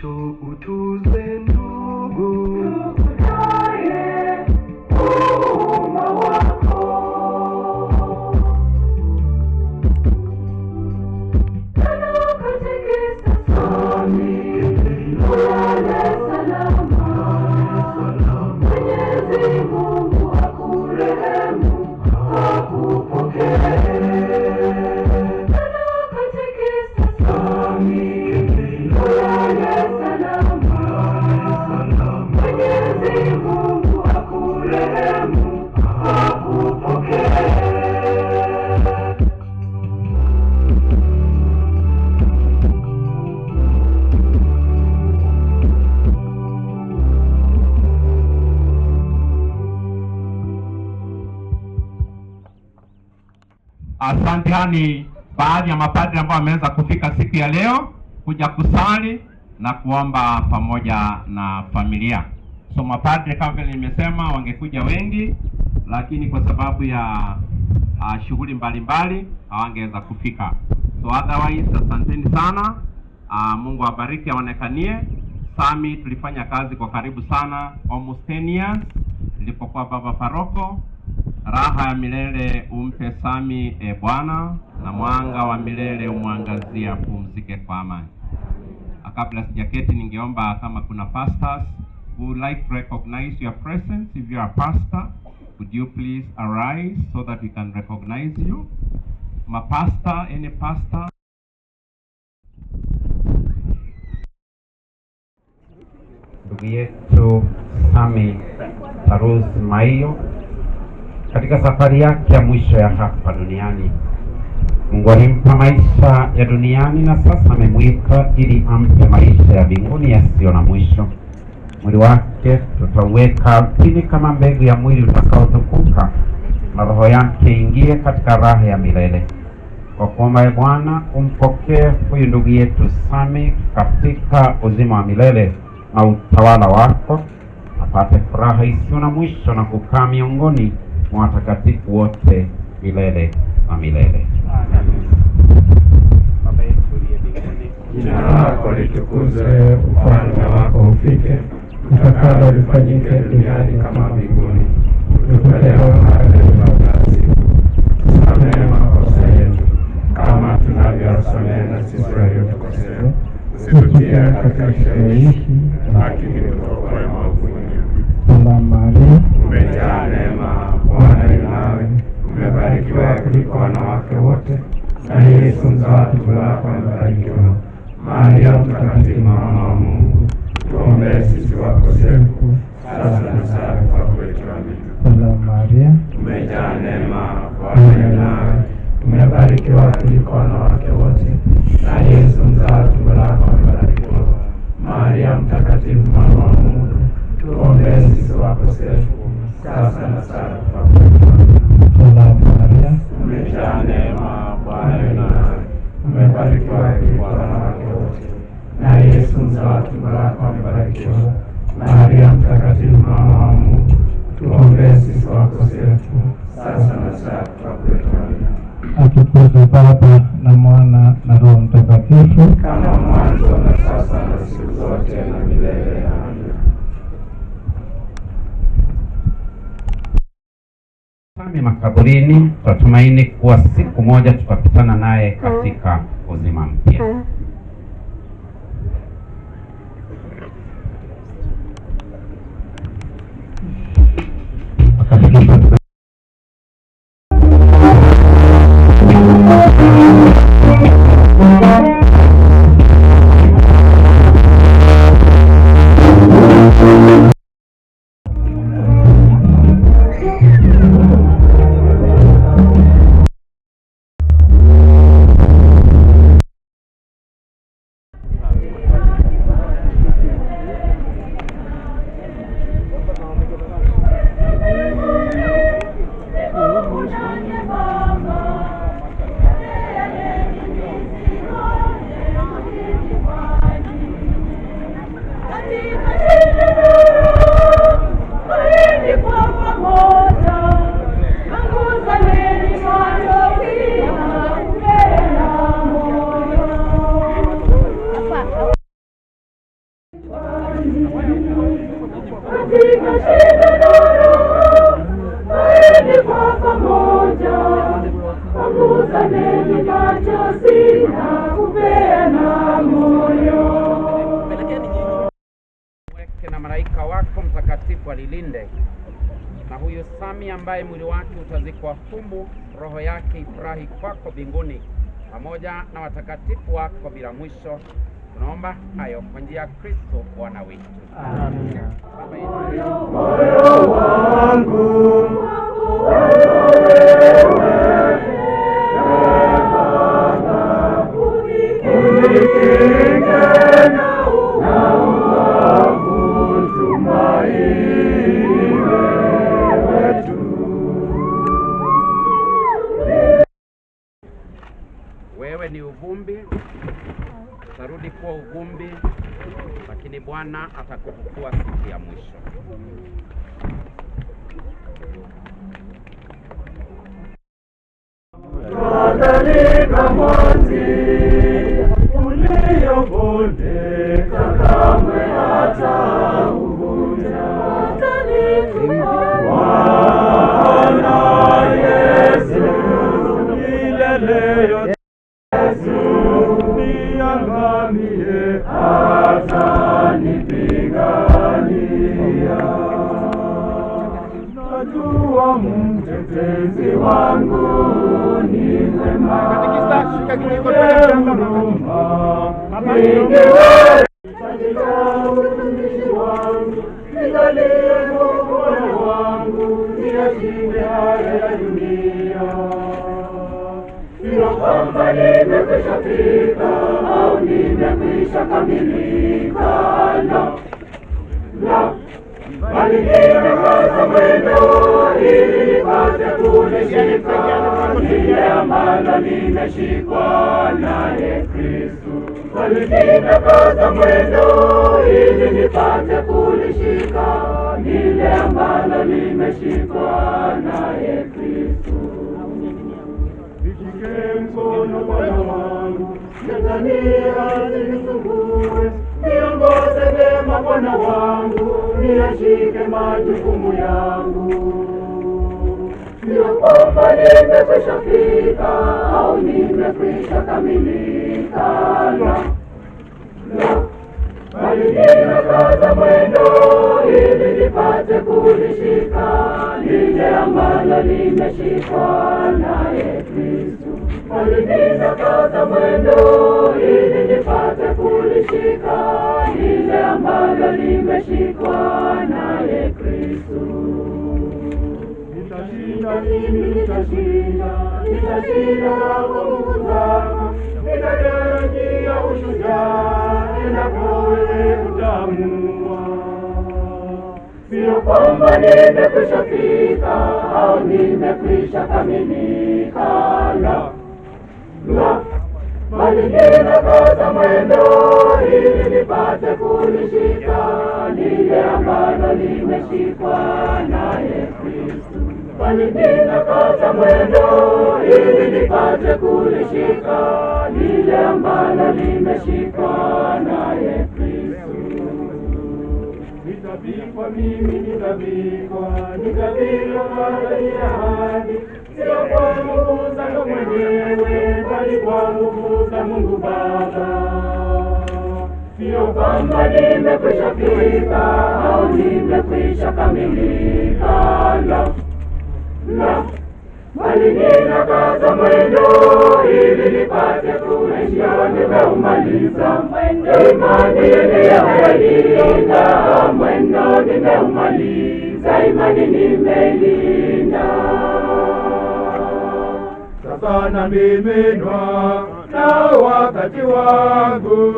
Show then. nadhani baadhi ya mapadri ambao wameweza kufika siku ya leo kuja kusali na kuomba pamoja na familia. So mapadri kama vile nimesema, wangekuja wengi, lakini kwa sababu ya uh, shughuli mbalimbali hawangeweza kufika. So otherwise, asanteni sana. Uh, Mungu awabariki, aonekanie. Sami tulifanya kazi kwa karibu sana almost 10 years nilipokuwa baba paroko raha ya milele umpe Sami e Bwana, na mwanga wa milele umwangazie, apumzike kwa amani. Kabla sijaketi, ningeomba kama kuna pastors who like to recognize your presence, if you are a pastor would you please arise so that we can recognize you. Ma pastor, any pastor ndugu yetu Sami Tarus Maiyo katika safari yake ya mwisho ya hapa duniani. Mungu alimpa maisha ya duniani na sasa amemwita ili ampe maisha ya mbinguni yasiyo na mwisho. Mwili wake tutauweka ardhini kama mbegu ya mwili utakaotukuka, na roho yake ingie katika raha ya milele. Kwa kuomba ya e Bwana umpokee huyu ndugu yetu Sami katika uzima wa milele na utawala wako, apate furaha isiyo na mwisho na kukaa miongoni watakatifu wote milele na milele. jina lako litukuzwe, ufalme wako ufike, utakalo lifanyike duniani kama mbinguni. Utupe leo maana siku, tusamehe makosa yetu kama tunavyowasamehe na sisi waliotukosea, usitutie katika kishawishi, lakini utuokoe na Yesu mzao tumbo lako amebarikiwa. Maria mtakatifu, mama wa Mungu, tuombee sisi wakosefu, sasa na saa Bwana nawe umebarikiwa kuliko wanawake wote, na Yesu mzao tumbo lako amebarikiwa. Maria Mtakatifu, mama wa Mungu, tuombee sisi wakosefu, sasa na saa kufa kwetu. Atukuzwe Baba na Mwana na Roho Mtakatifu, kama mwanzo na sasa na siku zote na milele. Amina. Ukame Makaburini, tunatumaini kuwa siku moja tutakutana naye mm. katika uzima mpya. Mm. tukifurahi kwako mbinguni pamoja na watakatifu wako bila mwisho. Tunaomba hayo kwa njia ya Kristo Bwana wetu. Amen. Moyo ni uvumbi, utarudi kuwa uvumbi, lakini Bwana atakufufua siku ya mwisho. Kadhalika mwanzi uliovunjika kamwe hata safari imekwisha fika au nimekwisha kamilika la la bali nimekaza mwendo ili nipate kulishika lile ambalo nimeshikwa naye Kristu. Bali nimekaza mwendo ili nipate kulishika lile ambalo limeshikwa naye Kristu. wangu nitaniazimisugue niongoze vema Bwana wangu niyashike majukumu yangu liokopa nimekwisha fika au nimekwisha kamilika Nilikataza mwendo ili nipate kulishika lile ambalo limeshikwa naye Kristo. Nilikataza mwendo ili nipate kulishika lile ambalo limeshikwa naye Kristo. Nitashinda mimi, nitashinda, nitashinda kwa nguvu zako katika daji ya ushujaa inapoitamua, sio kwamba nimekwisha fika au nimekwisha kamilika, la, bali ninakaza mwendo ili nipate kulishika lile ambalo limeshikwa na Yesu. Fanyipi kata mwendo ili nipate kulishika lile ambalo limeshika naye Kristo. Nitapikwa mimi, nitapikwa, nitapikwa mara ni ahadi, sio kwa nguvu zangu mwenyewe, bali kwa nguvu za Mungu Baba sio kwamba nimekwisha fika au nimekwisha kamilika, la na malinina mwendo ili nipate kuisha, nimeumaliza mwendo, imani nimeulinda mwendo, nimeumaliza imani nimeilinda. Sasa namiminwa na wakati wangu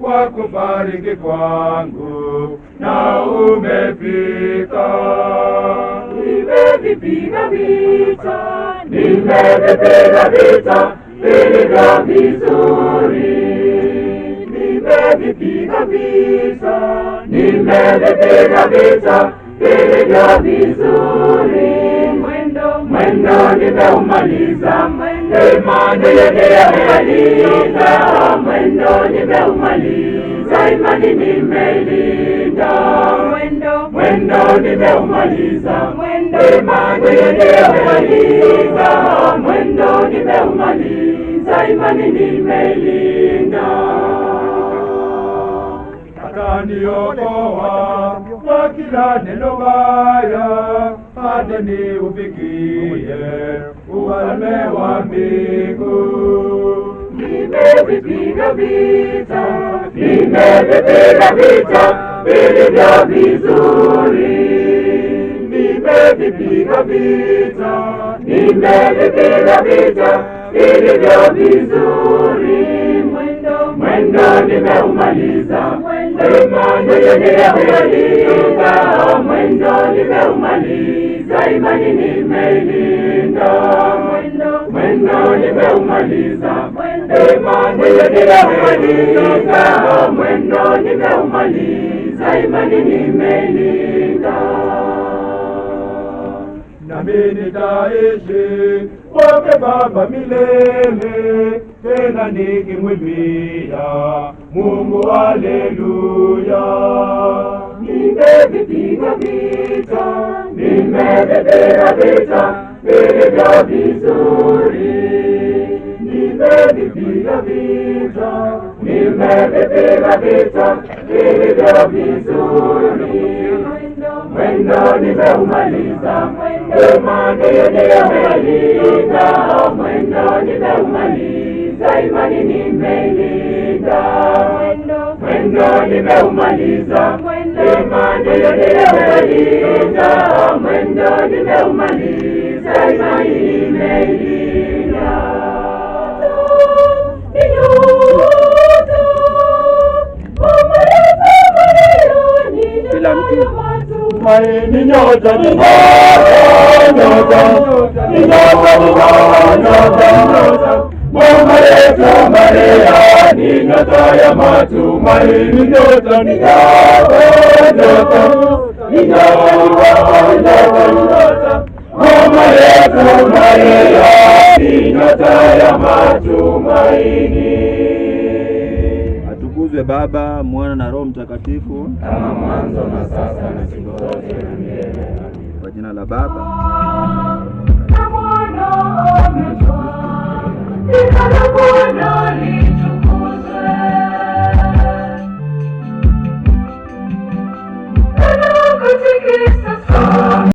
wa kufariki kwangu na umefika nimevipiga vita, nimevipiga vita vilivyo vizuri, nimevipiga vita, nimevipiga vita vilivyo vizuri. Mwendo mwendo nimeumaliza, imani nimeumaliza, mwendo nimeumaliza, imani nimeilinda mwendo mwendo mwendo nimeumaliza mwendo imani nimeumaliza mwendo nimeumaliza imani nimeilinda ataniokoa kwa kila neno baya hadi niufikie ufalme wa mbinguni nimevipiga vita nimevipiga vita vilivyo vizuri nimevipiga vita, nimevipiga vita vilivyo vizuri. Mwendo, nimeumaliza, imani nimeulinda, mwendo nimeumaliza, imani nimeilinda, mwendo nimeumaliza, imani nimeulinda, mwendo nimeumaliza za imani nimeilinda, nami nitaishi kwake Baba milele, tena nikimwimbia Mungu haleluya. Nimevipiga vita, nimebebea vita vilivyo vizuri, nimevipiga vita vimevipiga vita vilivyo vizuri, mwendo nimeumaliza, imani nimeilinda, mwendo nimeumaliza, imani nimeilinda, mwendo nimeumaliza, imani nimeilinda, mwendo nimeumaliza, imani nimeilinda Kila mtu ni nyota, ni nyota, Mama yetu Maria ni nyota ya matumaini, nyota, ni nyota. Mama yetu Maria ni nyota ya matumaini. Asifiwe Baba, Mwana na Roho Mtakatifu, kama mwanzo na sasa na siku zote na milele. Kwa jina la Baba